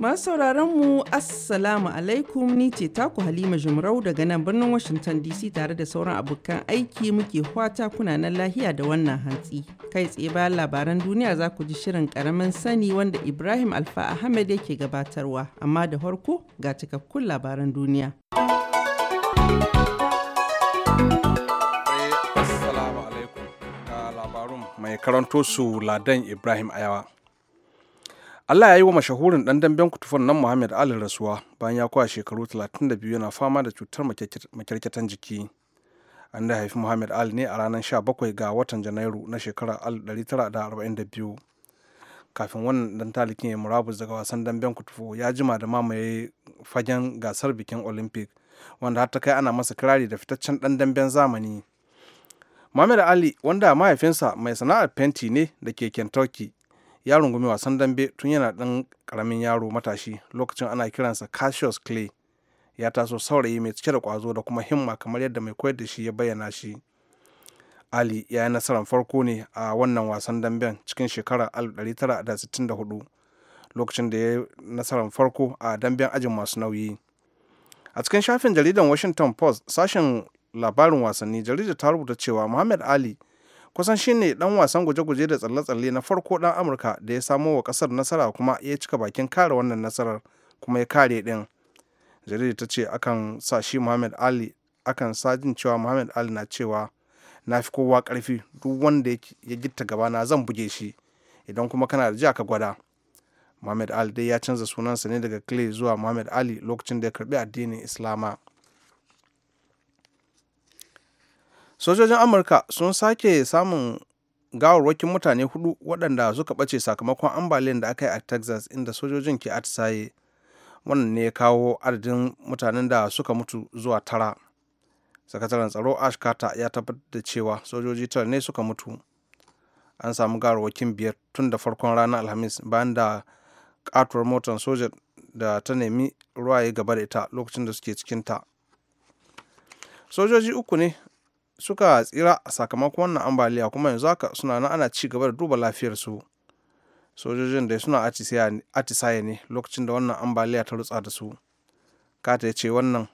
Masu sauraron mu Assalamu alaikum ni ce taku Halima Jumrau daga nan birnin Washington DC tare da sauran abokan aiki muke fata kuna nan lahiya da wannan hantsi. Kai tsaye bayan labaran duniya za ku ji shirin karamin sani wanda Ibrahim Alfa Ahmed yake gabatarwa amma da farko ga cikakkun labaran duniya. Eh, Assalamu alaikum ga labarun mai karanto su Ladan Ibrahim Ayawa. Allah ya yi wa mashahurin ɗan damben kutufan nan Muhammad Ali rasuwa bayan ya kwa shekaru 32 yana fama da cutar makyarkyatan jiki. An da haifi Muhammad Ali ne a ranar 17 ga watan Janairu na shekarar 1942. Kafin wannan dan talikin ya murabus daga wasan damben kutufu ya jima da mamaye fagen gasar bikin Olympic wanda har ta kai ana masa kirari da fitaccen ɗan damben zamani. Muhammad Ali wanda mahaifinsa mai sana'ar fenti ne da ke Kentucky ya rungumi wasan dambe tun yana ɗan ƙaramin yaro matashi lokacin ana kiransa cassius clay ya taso saurayi mai cike da ƙwazo da kuma himma kamar yadda mai koyar da shi ya bayyana shi ali ya yi nasarar farko ne a wannan wasan dambe cikin shekarar 1964 lokacin da ya yi nasarar farko a damben ajin masu nauyi a cikin shafin jaridan washington post sashen labarin wasanni jaridar ta rubuta cewa muhammad ali kusan shine dan wasan guje-guje da tsalle-tsalle na farko dan amurka da ya samo wa kasar nasara kuma ya cika bakin kare wannan nasarar kuma ya kare din jaridar ta ce akan sa shi muhammad ali akan sa jin cewa muhammad ali na cewa na fi kowa karfi duk wanda ya gitta gaba na zan buge shi idan kuma kana da ji aka gwada muhammad ali dai ya canza sunansa ne daga clay zuwa muhammad ali lokacin da ya karbi addinin islama sojojin amurka sun sake samun gawarwakin mutane hudu waɗanda suka ɓace sakamakon ambaliyar da aka yi a texas inda sojojin ke atisaye wannan ne ya kawo adadin mutanen da suka mutu zuwa tara sakataren tsaro ash carter ya tabbatar da cewa sojoji tara ne suka mutu an samu gawarwakin biyar tun da farkon ranar alhamis bayan da katuwar motar soja da ta nemi ruwaye gaba da ita lokacin da suke cikinta sojoji uku ne suka tsira sakamakon wannan ambaliya kuma yanzu haka suna nan ana ci gaba da duba lafiyar su sojojin da suna atisaye ne lokacin da wannan ambaliya ta rutsa da su kata ya ce wannan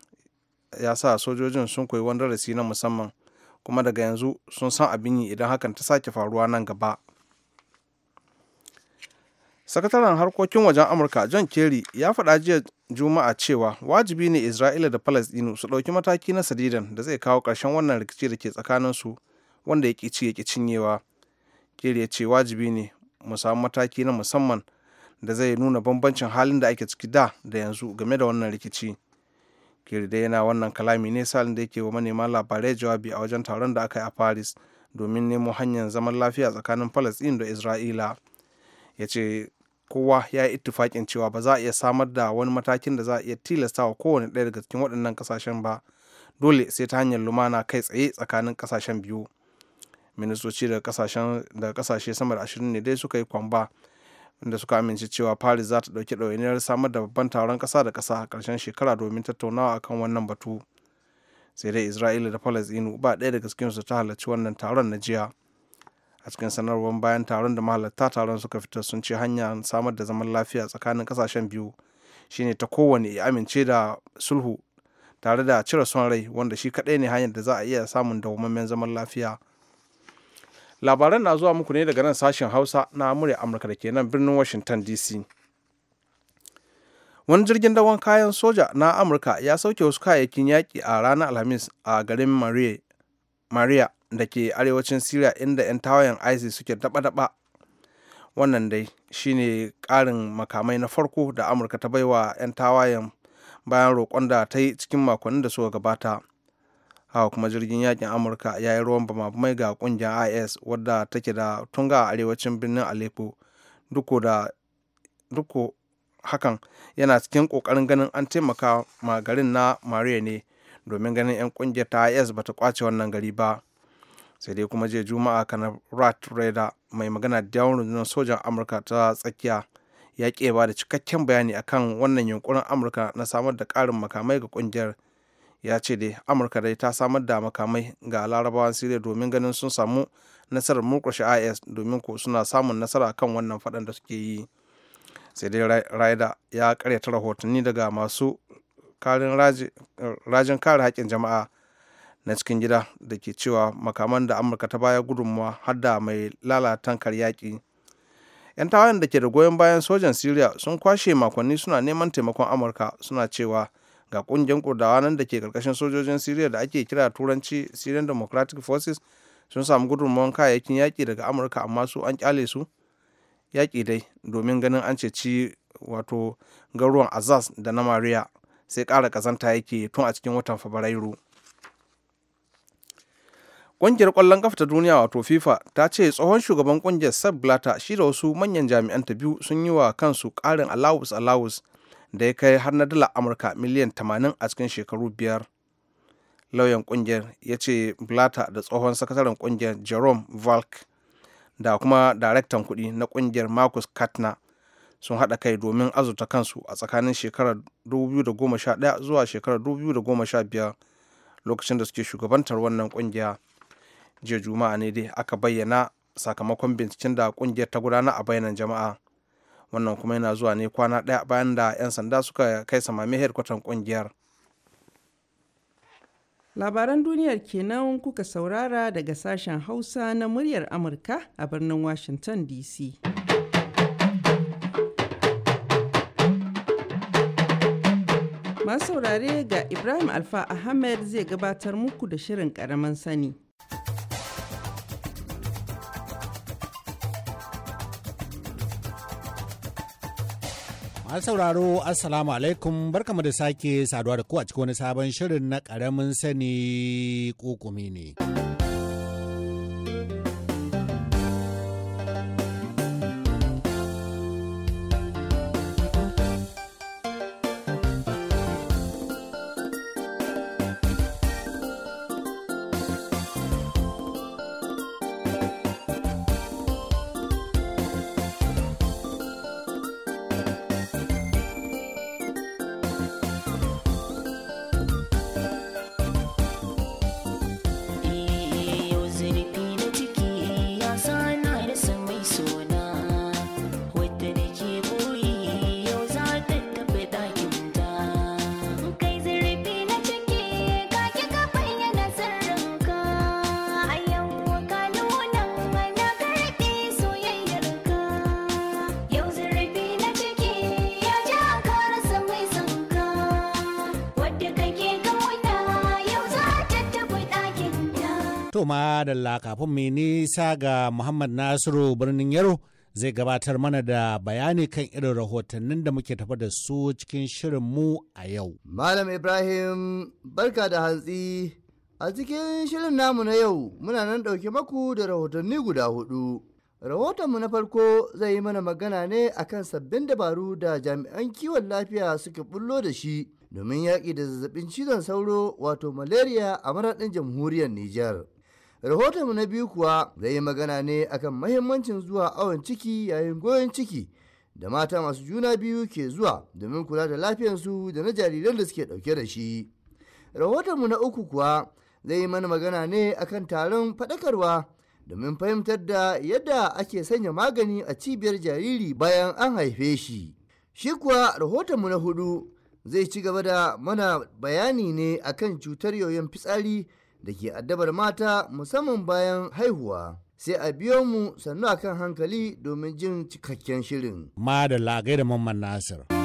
ya sa sojojin sun koyi wani darasi na musamman kuma daga yanzu sun san abin yi idan hakan ta sake faruwa nan gaba sakataren harkokin wajen amurka john kerry ya faɗa jiya Juma'a cewa wajibi ne Isra'ila da Falasɗinu su ɗauki mataki na sadidan da zai kawo ƙarshen wannan rikici da ke tsakanin su wanda ya ƙi ci ya cinyewa. Kerry ya ce wajibi ne mu samu mataki na musamman da zai nuna bambancin halin da ake ciki da da yanzu game da wannan rikici. Kerry dai yana wannan kalami ne salin da yake wa manema labarai jawabi a wajen taron da aka yi a Paris domin nemo hanyar zaman lafiya tsakanin dinu da Isra'ila. Ya ce kowa ya yi ittifakin cewa ba za a iya samar da wani matakin da za a iya tilasta wa kowane ɗaya daga cikin waɗannan ƙasashen ba dole sai ta hanyar lumana kai tsaye tsakanin ƙasashen biyu ministoci daga ƙasashe sama da ashirin ne dai suka yi kwamba da suka amince cewa paris za ta ɗauki ɗawainiyar samar da babban taron ƙasa da ƙasa a ƙarshen shekara domin tattaunawa akan wannan batu sai dai isra'ila da palestinu ba ɗaya daga cikinsu ta halarci wannan taron na jiya a cikin sanarwar bayan taron da mahalarta taron suka fitar sun ce hanyar samar da zaman lafiya tsakanin kasashen biyu shine ta kowane ya amince da sulhu tare da cire son rai wanda shi kadai ne hanyar da za a iya samun dawwammamen zaman lafiya labaran na zuwa muku ne daga nan sashen hausa na amurya amurka da ke nan birnin washington dc wani jirgin dawon kayan soja na amurka ya sauke wasu kayayyakin yaƙi a ranar alhamis a garin maria da ke arewacin syria inda 'yan tawayen isis suke daba-daba wannan dai shine karin makamai na farko da amurka ta baiwa 'yan tawayen bayan roƙon da ta yi cikin makonnin da suka gabata hawa kuma jirgin yakin amurka ya yi ruwan mai ga kungiyar is wadda take da tunga a arewacin birnin aleppo duko da duko hakan yana cikin kokarin ganin an taimaka ma garin na mariya ne domin ganin 'yan kungiyar ta is bata kwace wannan gari ba sai dai kuma jiya juma'a kanar rat raider mai magana da yawon rundunar sojan amurka ta tsakiya ya ke ba da cikakken bayani akan wannan yunkurin amurka na samar da karin makamai ga ƙungiyar ya ce dai amurka dai ta samar da makamai ga larabawan siriya domin ganin sun samu nasarar murkushe is domin ko suna samun nasara kan wannan faɗan da suke yi sai dai raida ya karyata rahotanni daga masu rajin kare haƙƙin jama'a na cikin gida da ke cewa makaman da amurka ta baya gudunmawa har da mai lalatankar yaƙi yan tawayen da ke da goyon bayan sojan syria sun kwashe makonni suna neman taimakon amurka suna cewa ga kungiyar kurdawa nan da ke karkashin sojojin syria da ake kira turanci syrian democratic forces sun samu gudunmawar kayayyakin yaƙi daga amurka amma su an kyale su yaƙi dai domin ganin an ci wato garuwan azaz da na maria sai ƙara ƙazanta yake tun a cikin watan fabrairu Ƙungiyar ƙwallon ƙafa ta duniya wato FIFA ta ce tsohon shugaban ƙungiyar Sepp Blatter shi da wasu manyan jami'an ta biyu sun yi wa kansu ƙarin alawus alawus da ya kai har na dala Amurka miliyan 80 a cikin shekaru biyar. Lauyan ƙungiyar ya ce Blatter da tsohon sakataren ƙungiyar Jerome Valk da kuma daraktan kuɗi na ƙungiyar Marcus Katna sun haɗa kai domin azurta kansu a tsakanin shekarar 2011 zuwa shekarar 2015 lokacin da suke shugabantar wannan ƙungiya. jiya juma'a ne dai aka bayyana sakamakon binciken da kungiyar ta gudana a bayanan jama'a wannan kuma yana zuwa ne kwana ɗaya bayan da 'yan sanda suka kai samami kwatan kungiyar labaran duniyar kenan kuka saurara daga sashen hausa na muryar amurka a birnin washington dc masu saurare ga ibrahim alfa ahmed zai gabatar muku da shirin karamin sani Masu sauraro Assalamu alaikum barkamu da sake saduwa da ku cikin wani sabon shirin na ƙaramin sani kokumi ne. To ma da kafin mai nisa ga Muhammad Nasiru birnin Yaro zai gabatar mana da bayani kan irin rahotannin da muke tafa da su cikin shirin mu a yau. Malam Ibrahim barka da hantsi a cikin shirin namu na yau muna nan ɗauke maku da rahotanni guda hudu. Rahotonmu na farko zai yi mana magana ne akan sabbin dabaru da jami'an kiwon lafiya suke bullo da shi domin yaƙi da zazzabin cizon sauro wato malaria a maraɗin jamhuriyar Nijar. rahotonmu na biyu kuwa zai yi magana ne akan mahimmancin zuwa awon ciki yayin goyon ciki da mata masu juna biyu ke zuwa domin kula da lafiyarsu da na jariran da suke dauke da shi rahotonmu na uku kuwa zai yi mana magana ne akan taron faɗakarwa domin fahimtar da yadda ake sanya magani a cibiyar jariri bayan an haife shi shi kuwa rahotonmu na hudu zai ci gaba da mana bayani ne akan cutar yoyon fitsari da ke addabar mata musamman bayan haihuwa. Sai a biyo mu sannu a kan hankali domin jin cikakken shirin. Ma da lagai da Mamman Nasir.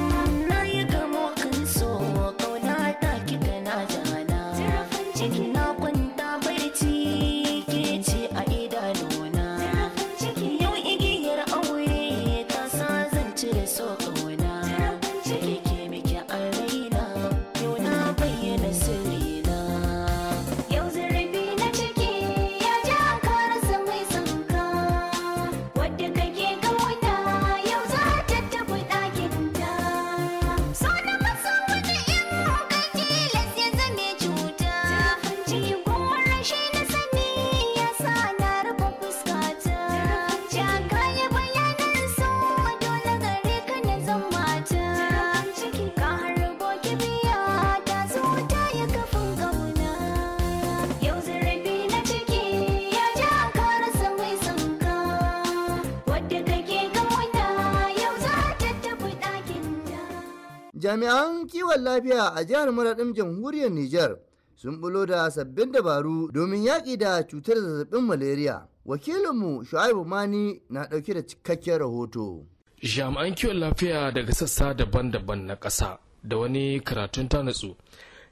jami'an kiwon lafiya a jihar maraɗin jamhuriyar niger sun bulo da sabbin dabaru domin yaƙi da cutar zazzabin malaria wakilinmu shu'aibu mani na ɗauke da cikakken rahoto jami'an kiwon lafiya daga sassa daban-daban na ƙasa da wani karatun tanatsu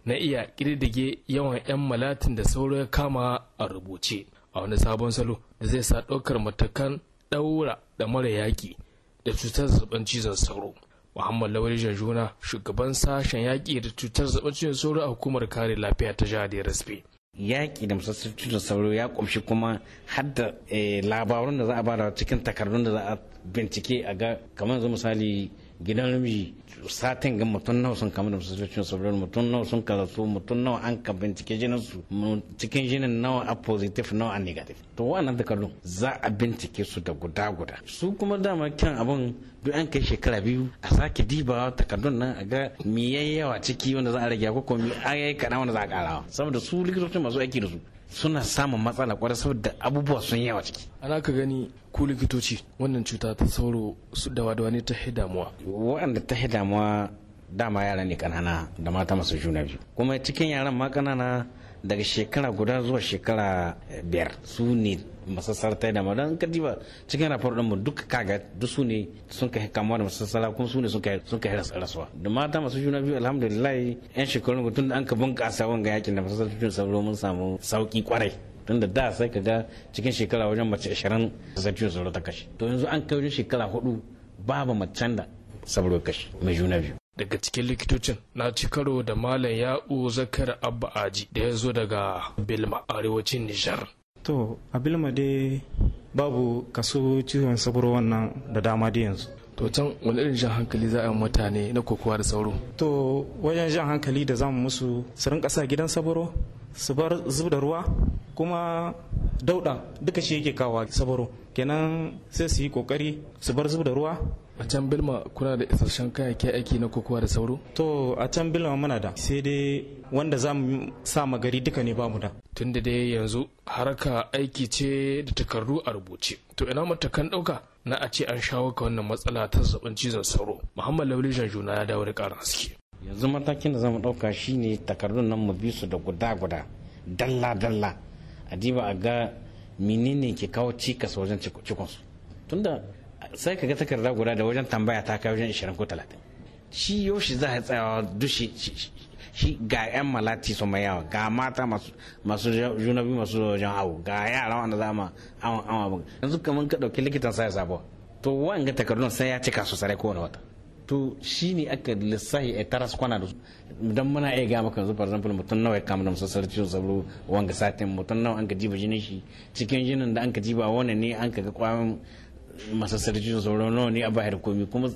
na iya ƙididdige yawan 'yan malatin da sauro ya kama a rubuce a wani sabon salo da zai sa ɗaukar matakan ɗaura da mara yaƙi da cutar zazzabin cizon sauro Muhammad Lawal Janjuna shugaban sashen yaƙi da cutar zaɓen cikin sauro a hukumar kare lafiya ta jihar Yarasbe. Yaƙi da musassar cutar sauro ya ƙumshi kuma har da eh, labarun da za a bada cikin takardun da za a bincike a ga kamar yanzu misali gidan rumji satin ga mutum nawa sun kama da sun saboda mutum nawa sun kaza su mutum nawa an ka bincike jinin su cikin jinin nawa a positive nawa a negative to wannan takardun za a bincike su da guda guda su kuma dama kyan abin duk an kai shekara biyu a sake dibawa takardun nan a ga me ciki wanda za a rage ko ko me ayi kaɗan wanda za a karawa saboda su likitocin masu aiki da su suna samun matsala kwarai saboda abubuwa sun yawa ciki ana ka gani ku likitoci wannan cuta ta sauro su dawa dawa ne ta damuwa waɗanda ta damuwa dama yara ne kanana da mata masu juna biyu kuma cikin yaran ma kanana daga shekara guda zuwa shekara biyar su ne masassarta da ma don ba cikin rafar ɗinmu duka kaga duk su ne sun kai kamuwa da masassara kuma su ne sun kai rasuwa da mata masu juna biyu alhamdulillah yan shekarun tun da an ka bunƙasa wanga yakin da masassar cikin sauro mun samu sauki kwarai tun da da sai ka ga cikin shekara wajen mace ashirin masassar cikin sauro ta kashe to yanzu an kai wajen shekara hudu babu macen da sauro kashe mai juna biyu daga cikin likitocin na ci karo da malam ya'u zakar abba aji da ya zo daga bilma arewacin nijar to abilma dai babu kaso ciwon sauro wannan da dama da yanzu to can wani irin jan hankali za a yi mutane na kokowa da sauro to wajen jan hankali da zamu musu su rinka gidan saburo su bar zub da ruwa kuma dauda duka shi yake kawo sabaro kenan sai su yi kokari su bar zub da ruwa a can bilma kuna da isasshen kayayyaki aiki na kokowa da sauro to a can bilma muna da sai dai wanda za mu sa magari duka ne ba bamu da tun da dai yanzu haraka aiki ce da takardu a rubuce to ina matakan dauka na a ce an shawo ka wannan matsala ta zaɓin cizon sauro muhammad lauli juna ya dawo da ƙarin haske yanzu matakin da zamu ɗauka shine takardun nan mu bi su da guda-guda dalla-dalla a diba a ga menene ke kawo cikas wajen cikonsu tunda sai ka ga takarda guda da wajen tambaya ta kai wajen 20 ko 30 shi yoshi za a tsayawa dushi shi ga 'yan malati su mai yawa ga mata masu juna biyu masu wajen awo ga yara wanda za a awon awon yanzu kamar ka dauki likitan sai sabo to wa'anga takardun sai ya cika su sarai kowane wata to shi ne aka lissahi a taras kwana da su don muna iya gaya maka yanzu for example mutum nawa ya kama da musassar ciwon sabro wanga satin mutum nawa an ka jiba jinin shi cikin jinin da an ka jiba wani ne an ka ga kwamin masassar ciwon sabro nawa ne a bayar komi kuma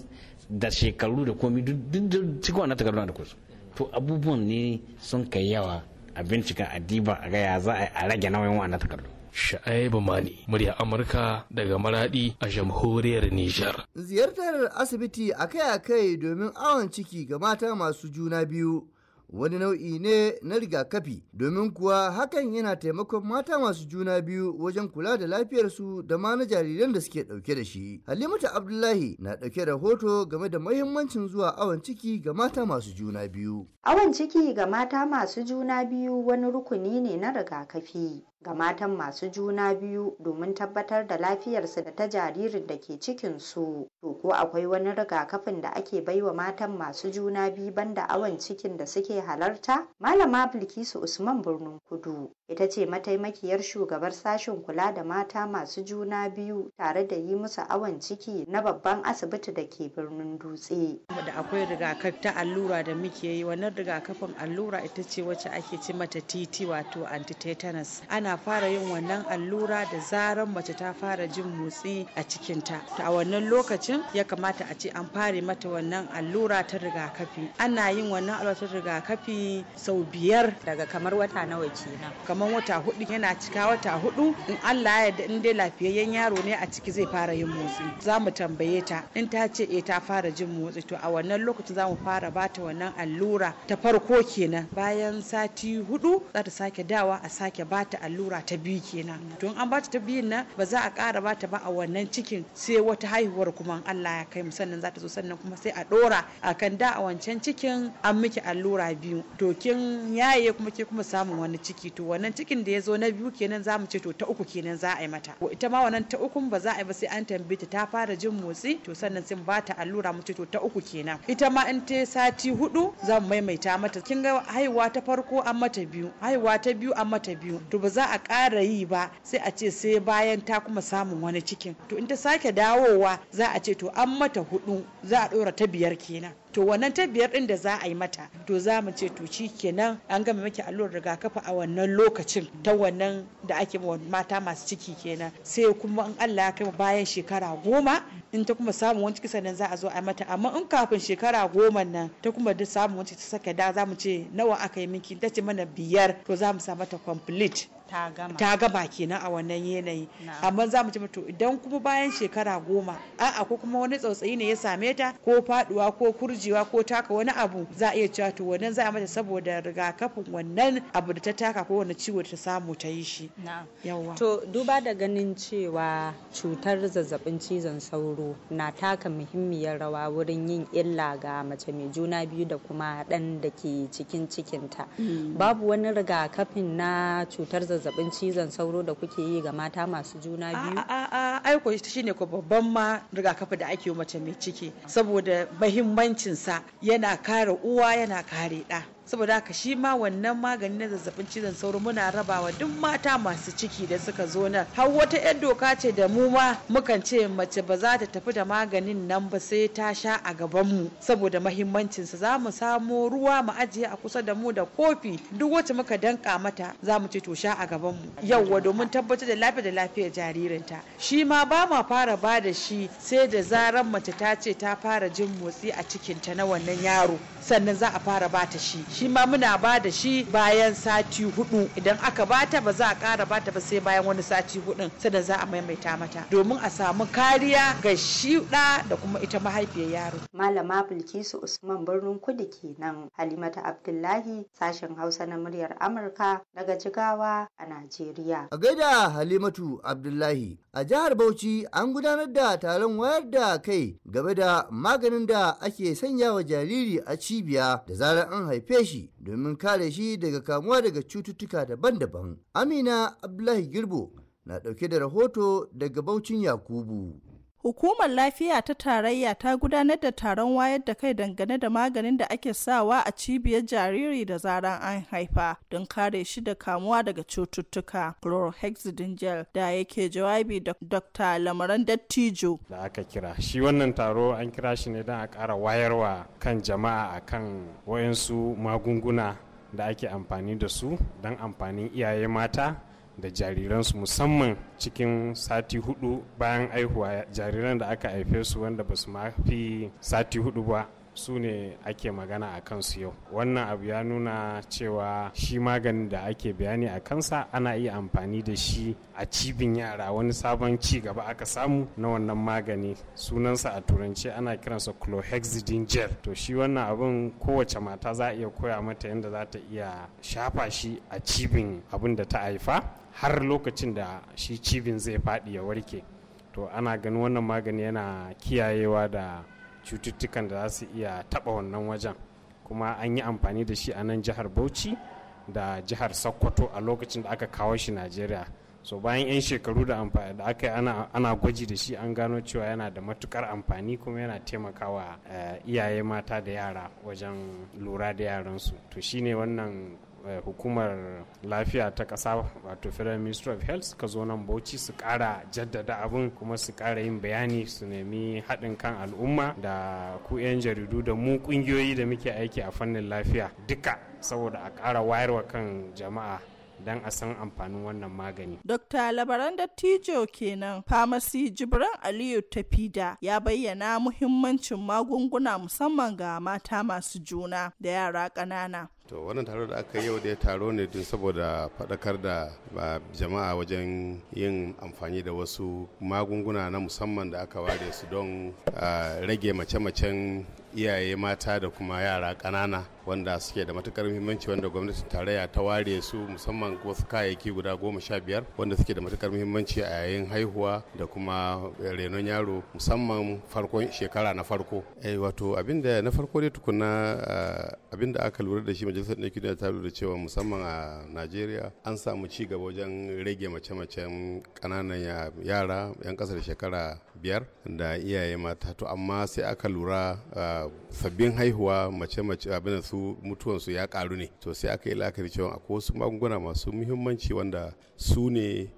da shekaru da komi duk cikin wannan takardun da kusa to abubuwan ne sun kai yawa a bincika a diba a ga ya za a rage nauyin wannan takardun Sha'aibu Mani, murya Amurka daga Maradi a jamhuriyar Nijar. Ziyartar asibiti akai-akai domin awon ciki ga mata masu juna biyu. Wani nau'i ne na rigakafi domin kuwa hakan yana taimakon mata masu juna biyu wajen kula da lafiyarsu da ma na jariran da suke ɗauke da shi. Halimatu Abdullahi na ɗauke da hoto game da mahimmancin zuwa awon ciki ga mata masu juna biyu. Awon ciki ga mata masu juna biyu wani rukuni ne na rigakafi ga matan masu juna biyu domin tabbatar da lafiyarsu da ta jaririn da ke cikinsu. To ko akwai wani rigakafin da ake baiwa matan masu juna biyu banda awon cikin da suke halarta? Malama Bilkisu Usman Birnin Kudu ita ce mataimakiyar shugabar sashen kula da mata masu juna biyu tare da yi musu awon ciki na babban asibiti da ke birnin dutse. da akwai rigakafi ta allura da muke yi wannan rigakafin allura ita ce wacce ake ci mata titi wato antitetanus ana fara yin wannan allura da zarar mace ta fara jin motsi a cikin ta a wannan lokacin ya kamata a ce an fare mata wannan allura ta rigakafi ana yin wannan allura ta rigakafi sau biyar daga kamar wata nawa kenan kamar wata hudu yana cika wata hudu in Allah ya da in dai lafiyayyen yaro ne a ciki zai fara yin motsi za mu tambaye ta in ta ce eh ta fara jin motsi to a wannan lokacin za mu fara ba ta wannan allura ta farko kenan bayan sati hudu za ta sake dawa a sake ba ta allura ta biyu kenan to an ba ta biyun nan ba za a ƙara ta ba a wannan cikin sai wata haihuwar kuma Allah ya kai mu sannan za ta zo sannan kuma sai a dora kan da a wancan cikin an miki allura biyu to kin yaye kuma ke kuma samun wani ciki to wannan cikin da ya zo na biyu kenan za mu ce to ta uku kenan za a yi mata ita ma wannan ta uku ba za a yi ba sai an tambaye ta ta fara jin motsi to sannan sun ba ta allura mu ce to ta uku kenan ita ma in ta sati hudu za mu maimaita mata kin ga haihuwa ta farko an mata biyu haihuwa ta biyu an mata biyu to ba za a ƙara yi ba sai a ce sai bayan ta kuma samun wani cikin to in ta sake dawowa za a ce to an mata hudu za a ɗora ta biyar kenan to wannan ta biyar din da za a yi mata to za mu ce to shi kenan an gama miki allurar rigakafi a wannan lokacin ta wannan da ake mata masu ciki kenan sai kuma in Allah ya kai bayan shekara goma in ta kuma samun wani ciki sannan za a zo a mata amma in kafin shekara goma nan ta kuma da samun wani ta saka da za mu ce nawa aka yi miki ta ce mana biyar to za mu sa mata complete ta gama kenan a wannan yanayi amma za mu ci to idan kuma bayan shekara goma a'a ko kuma wani tsautsayi ne ya same ta ko faduwa ko kurjewa ko taka wani abu za a iya cewa to wannan za a mata saboda rigakafin wannan abu da ta taka ko wani ciwo ta samu ta yi shi yawa to duba da ganin cewa cutar zazzabin cizon sauro na taka muhimmiyar rawa wurin yin illa ga mace mai juna biyu da kuma dan da ke cikin cikinta mm. babu wani rigakafin na cutar zazzabin cizon sauro da kuke yi ga mata masu juna biyu? A'a, aiko shi ne ko babban ma rigakafi da ake yi mace mai ciki saboda mahimmancinsa yana kare uwa yana kare ɗa. saboda haka shi ma wannan magani na zazzabin cizon sauro muna rabawa duk mata masu ciki da suka zo nan har wata 'yan doka ce da mu ma mukan ce mace ba za ta tafi da maganin nan ba sai ta sha a gaban mu saboda mahimmancinsa za mu samo ruwa mu ajiye a kusa da mu da kofi duk wacce muka danka mata za mu ce to sha a gaban mu yauwa domin tabbatar da lafiya da lafiyar jaririnta shi ma ba ma fara ba da shi sai da zarar mace ta ce ta fara jin motsi a cikinta na wannan yaro sannan za a fara bata shi shi ma muna ba da shi bayan sati hudu idan aka bata ba za a kara bata ba sai bayan wani sati hudu sannan za a maimaita mata domin a samu kariya ga shi da da kuma ita mahaifiyar yaro malama bilkisu usman birnin kudu kenan halimata abdullahi sashen hausa na muryar amurka daga jigawa a najeriya a gaida halimatu abdullahi a jihar bauchi an gudanar da taron wayar da kai game da maganin da ake sanya wa jariri a ci cibiya da zarar an haife shi domin kare shi daga kamuwa daga cututtuka daban-daban. Amina Abdullahi Girbo na ɗauke da rahoto daga Baucin Yakubu. Hukumar Lafiya ta Tarayya ta gudanar da taron wayar da kai dangane da maganin da ake sawa a cibiyar jariri da zaran an haifa don kare shi da kamuwa daga cututtuka. Chlorhexidine gel da yake jawabi da Dr. Lamaran Dattijo. Da aka kira. Shi wannan taro an kira shi ne don a kara wayarwa kan jama'a a akan wayansu magunguna da ake amfani da su don amfanin iyaye mata. da jariransu musamman cikin sati hudu bayan aihuwa jariran da aka haife su wanda ba su ma sati hudu ba su ne ake magana a kansu yau wannan abu ya nuna cewa shi maganin da ake bayani a kansa ana iya amfani da shi a cibin yara wani sabon ci gaba aka samu na wannan magani sunansa a turanci ana kiransa clohexidin gel to shi wannan abun kowace mata za a iya koya mata yadda za ta iya shafa shi a cibin abin da ta haifa har lokacin da shi cibin zai faɗi ya warke to ana ganin wannan magani yana kiyayewa da cututtukan da za su iya taɓa wannan wajen kuma an yi amfani da shi a nan jihar bauchi da jihar sokoto a lokacin da aka kawo shi najeriya so bayan 'yan shekaru da amfani da aka yi ana gwaji da shi an gano cewa yana da matukar amfani kuma yana taimakawa eh, iyaye mata da yara wajen lura da yaransu to shine wannan Eh, hukumar lafiya ta ƙasa wato federal ministry of health suka zo nan bauchi su ƙara jaddada abin kuma su kara yin bayani su nemi haɗin kan al'umma da ku 'yan jaridu da mu ƙungiyoyi da muke aiki a fannin lafiya duka saboda a ƙara wayarwa kan jama'a don a san amfanin wannan magani. Dokta Labaran Dattijo kenan, Famasi Jibran Aliyu Tafida ya bayyana muhimmancin magunguna musamman ga mata masu juna da yara ƙanana. to wannan taro da aka yau da ya taro ne don saboda faɗakar da jama'a wajen yin amfani da wasu magunguna na musamman da aka ware su don rage mace-macen iyaye mata da kuma yara ƙanana wanda suke da matukar muhimmanci wanda gwamnatin tarayya ta ware su musamman wasu kayayyaki guda goma sha biyar wanda suke da matukar muhimmanci a yayin haihuwa da kuma renon yaro musamman farkon shekara na farko eh, wato abinda na farko dai tukuna abinda aka lura da shi majalisar ɗinkin duniya ta lura cewa musamman a najeriya an samu ci gaba wajen rage mace-macen ƙananan yara 'yan ƙasar shekara biyar da iyaye mata to amma sai aka lura sabbin haihuwa mace-mace abin su su ya ƙaru ne to sai aka yi la'akari cewa akwai wasu magunguna masu muhimmanci wanda su ne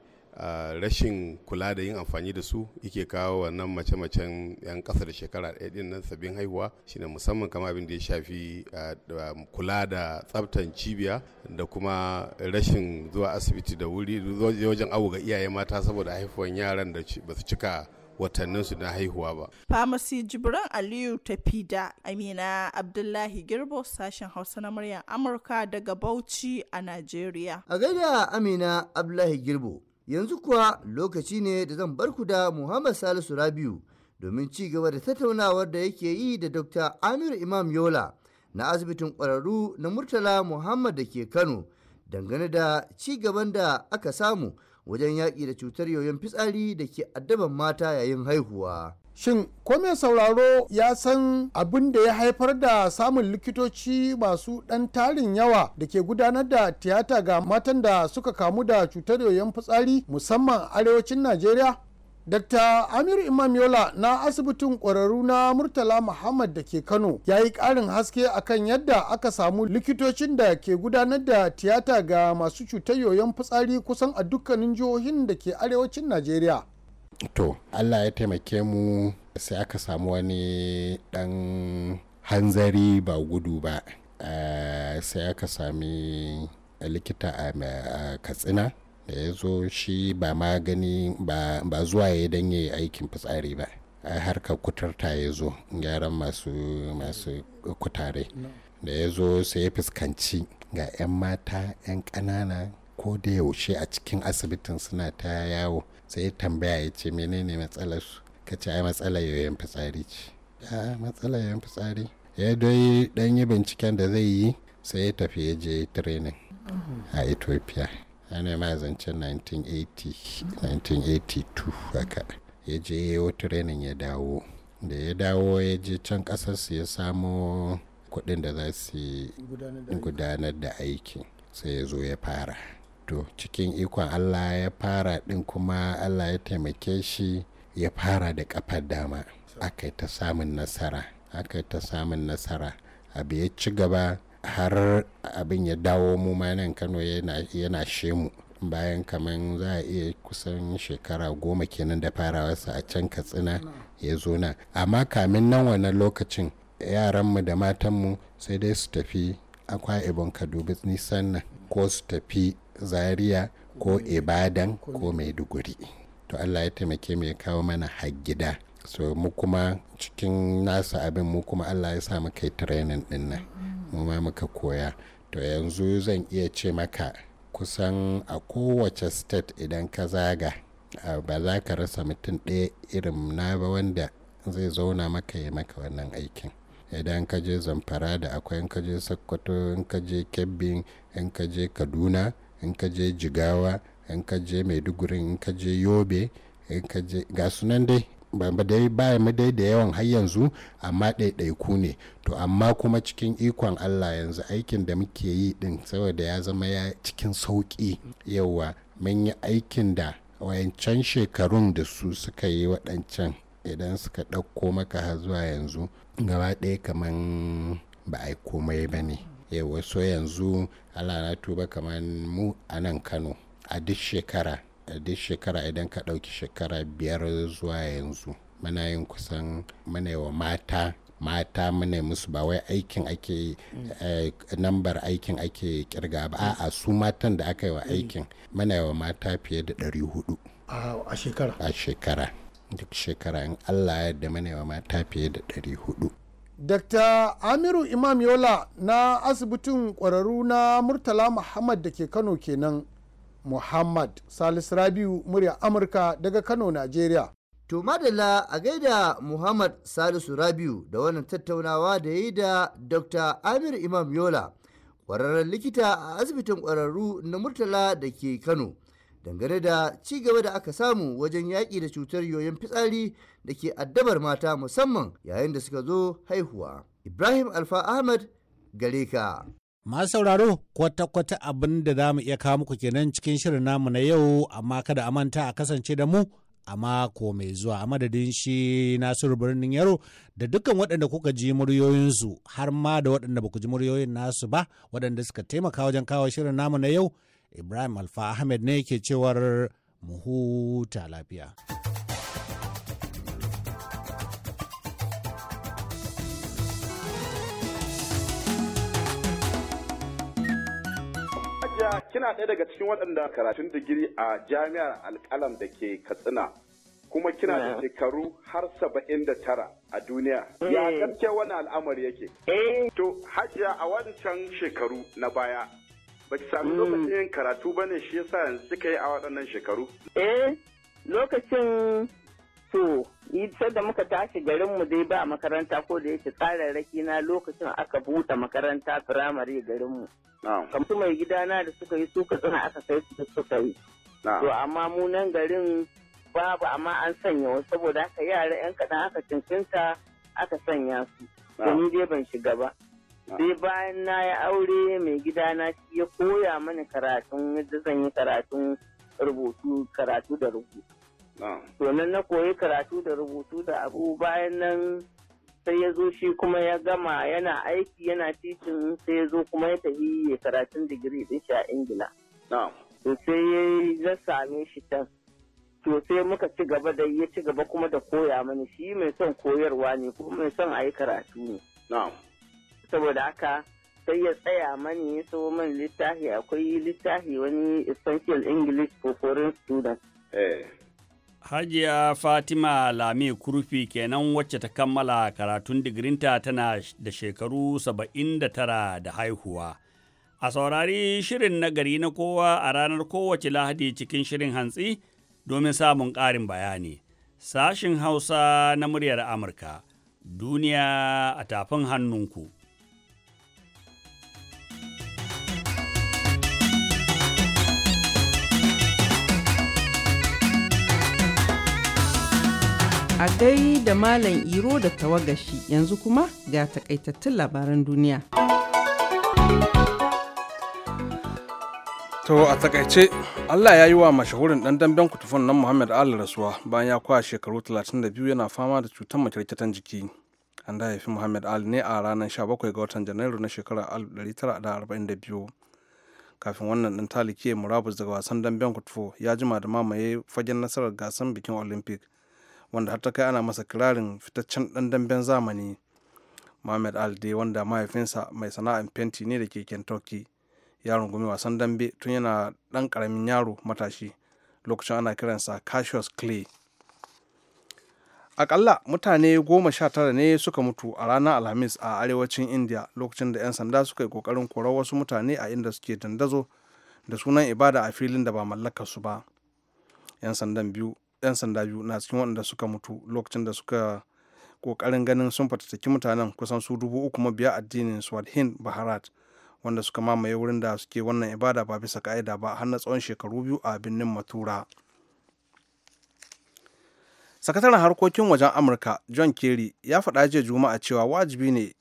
rashin kula da yin amfani da su yake kawo wannan mace-macen 'yan ƙasa da shekara ɗaya ɗin nan sabbin haihuwa shine musamman kama abin da ya shafi kula da tsaftan cibiya da kuma rashin zuwa asibiti da wuri wajen awo ga iyaye mata saboda haifuwan yaran da ba su cika su na haihuwa ba. Famasi Jibran Aliyu ta da Amina Abdullahi Girbo sashen Hausa na muryar Amurka daga Bauchi a Najeriya. A gaida Amina Abdullahi Girbo yanzu kuwa lokaci ne da zan barku da muhammad salisu rabiu domin ci gaba da tattaunawar da yake yi da dr amir imam yola na asibitin ƙwararru na murtala muhammad da ke kano dangane da ci gaban da aka samu wajen yaƙi da cutar yoyon fitsari da ke addaban mata yayin haihuwa Shin ko mai sauraro ya san abin da ya haifar da samun likitoci masu ɗan tarin yawa da ke gudanar da tiyata ga matan da suka kamu da cutar yoyon fitsari musamman arewacin Najeriya? Dr. Amir Imam Yola na asibitin ƙwararru na Murtala Muhammad da ke Kano ya yi ƙarin haske akan yadda aka samu likitocin da ke gudanar da tiyata ga masu cutar yoyon fitsari kusan a dukkanin jihohin da ke arewacin Najeriya. to allah ya taimake mu sai aka samu wani dan hanzari ba gudu ba eh, sai aka sami likita a katsina da ya zo shi ba magani ba, zuwa ya don yi aikin fitsari ba eh, harka kuturta ya zo gyaran masu kutare da ya zo sai ya fuskanci ga 'yan mata 'yan ƙanana ko da yaushe a cikin asibitin suna ta yawo sai tambaya ya ce menene matsalar su ka ce ai matsalar yoyon fitsari ce ya matsalar yoyon fitsari ya dai dan yi binciken da zai yi sai ya tafi ya je training a ethiopia ana ma zancen 1980 1982 haka ya je yawo training ya dawo da ya dawo ya je can kasar su ya samo kuɗin da za su gudanar da aiki sai ya zo ya fara to cikin ikon allah ya fara ɗin kuma allah ya taimake shi ya fara da ƙafar dama aka ta samun nasara aka ta samun nasara abu ya ci gaba har abin ya dawo mu ma nan kano yana shemu bayan kaman za a iya kusan shekara goma kenan da farawarsa a can katsina ya zo na amma kamin nan wannan lokacin yaranmu da matanmu sai dai su tafi akwa ibon kadubi nisan nan ko su tafi zaria ko mm-hmm. ibadan ko maiduguri to allah ya taimake mai kawo mana hagida. so mu kuma cikin nasa abin mu kuma allah ya samu kai training din nan mm-hmm. mu ma muka koya to yanzu zan iya ce maka kusan a kowace state idan ka zaga ba za ka rasa mutum ɗaya irin na ba wanda zai zauna maka ya maka wannan aikin idan ka je zamfara da akwai in ka je sokoto in ka je kebbi in ka je kaduna in ka je jigawa in ka je maiduguri in ka je yobe in ka je ga sunan dai ba dai baya mu dai da yawan har yanzu amma ɗaiɗaiku ne to amma kuma cikin ikon allah yanzu aikin da muke yi din saboda ya zama ya cikin sauƙi yauwa mun yi aikin da wayancan shekarun da su suka yi waɗancan idan suka ɗauko maka har zuwa yanzu gaba ɗaya kamar ba a komai ba ne yawa so yanzu allah tuba kamar mu a nan kano a duk shekara a duk shekara idan ka ɗauki shekara biyar zuwa yanzu mana yin kusan mana wa mata mata mana musu ba wai aikin ake eh, nambar aikin ake kirga ba a'a su matan da aka yi wa aikin mana wa mata fiye da 400 a shekara a shekara duk shekara in allah ya da muna wa mata fiye da 400 dr amiru imam yola na asibitin kwararru na murtala muhammad da ke kano kenan muhammad salis rabiu murya amurka daga kano nigeria to madalla a gaida muhammad salisu rabiu da wannan tattaunawa da ya yi da dr amiru imam yola kwararren likita a asibitin kwararru na murtala da ke kano dangane da ci gaba da aka samu wajen yaƙi da cutar yoyon fitsari da ke addabar mata musamman yayin da suka zo haihuwa. Ibrahim Alfa Ahmad gare ka. Masu sauraro kwata-kwata abin da za mu iya kawo muku kenan cikin shirin namu na yau amma kada a manta a kasance da mu a mako mai zuwa a madadin shi nasiru birnin yaro da dukkan waɗanda kuka ji muryoyinsu har ma da waɗanda ba ku ji muryoyin nasu ba waɗanda suka taimaka wajen kawo shirin namu na yau Ibrahim Alfa Ahmed ne ke cewar mu huta lafiya. kina ɗaya daga cikin waɗanda karatun digiri a jami'ar alƙalam da ke Katsina kuma kina da eh. shekaru har saba'in da tara a duniya. Ya hmm. gaske wani al'amari yake. Eh. To Hajiya a wancan shekaru na baya ba ki sami mm. lokacin karatu ba ne shi yasa yanzu kika yi a waɗannan shekaru? Eh, lokacin to da muka tashi garin mu dai ba makaranta ko da yake tsararraki na lokacin aka buɗe makaranta firamare garinmu. Kamsu mai gida na da suka yi suka tsina aka kai su suka yi. To amma mu nan garin babu amma an sanya wasu saboda haka yara 'yan kaɗan aka cincinta aka sanya su. Domin dai ban shiga ba. sai bayan na yi aure mai gidana shi ya koya mani karatun yadda zan yi karatun rubutu karatu da rubutu to nan na koyi karatu da rubutu da abu bayan nan sai ya zo shi kuma ya gama yana aiki yana titin sai ya zo kuma ya tafi ya karatun digiri din shi a ingila to sai ya same shi can to sai muka ci gaba da ya ci gaba kuma da koya mani shi mai son koyarwa ne kuma mai son a yi karatu ne saboda haka sai ya tsaya mani ya so man littafi akwai littafi wani essential english for foreign students eh. Hajiya Fatima Lami Kurfi kenan wacce ta kammala karatun digirinta tana da shekaru saba'in da tara da haihuwa. A saurari shirin nagari na kowa a ranar kowace lahadi cikin shirin hantsi domin samun ƙarin bayani. Sashin Hausa na muryar Amurka, duniya a tafin hannunku. A gai da Malam Iro da tawagashi yanzu kuma ga takaitattun labaran duniya. To a takaice Allah ya yi wa mashahurin dan damben kutufan nan Muhammad Ali rasuwa bayan ya kwa shekaru 32 yana fama da cutar makirkitan jiki. An da haifi Muhammad Ali ne a ranar 17 ga watan Janairu na shekarar 1942. Kafin wannan dan taliki murabus daga wasan damben kutufo ya jima da mamaye fagen nasarar gasar bikin Olympic. wanda har ta kai ana masa kirarin fitaccen ɗan zamani mohamed alde wanda mahaifinsa mai sana'ar fenti ne da ke kentucky ya rungumi wasan dambe tun yana ɗan ƙaramin yaro matashi lokacin ana kiransa cassius clay akalla mutane goma sha tara ne suka mutu a ranar alhamis a arewacin india lokacin da 'yan sanda suka yi kokarin korar wasu mutane a inda suke dandazo da sunan ibada a filin da ba mallakar su ba 'yan sandan biyu 'yan sanda biyu na cikin waɗanda suka mutu lokacin da suka kokarin ganin sun fatattaki mutanen kusan su dubu uku mabiya addinin swadhin baharat wanda suka mamaye wurin da suke wannan ibada ba bisa ka'ida ba har na tsawon shekaru biyu a birnin matura sakataren harkokin wajen amurka john kerry ya faɗa jiya juma'a cewa wajibi ne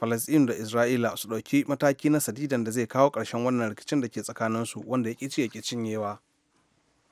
falasɗinu da isra'ila su ɗauki mataki na sadidan da zai kawo ƙarshen wannan rikicin da ke tsakaninsu wanda ya ƙi ci ya ƙi cinyewa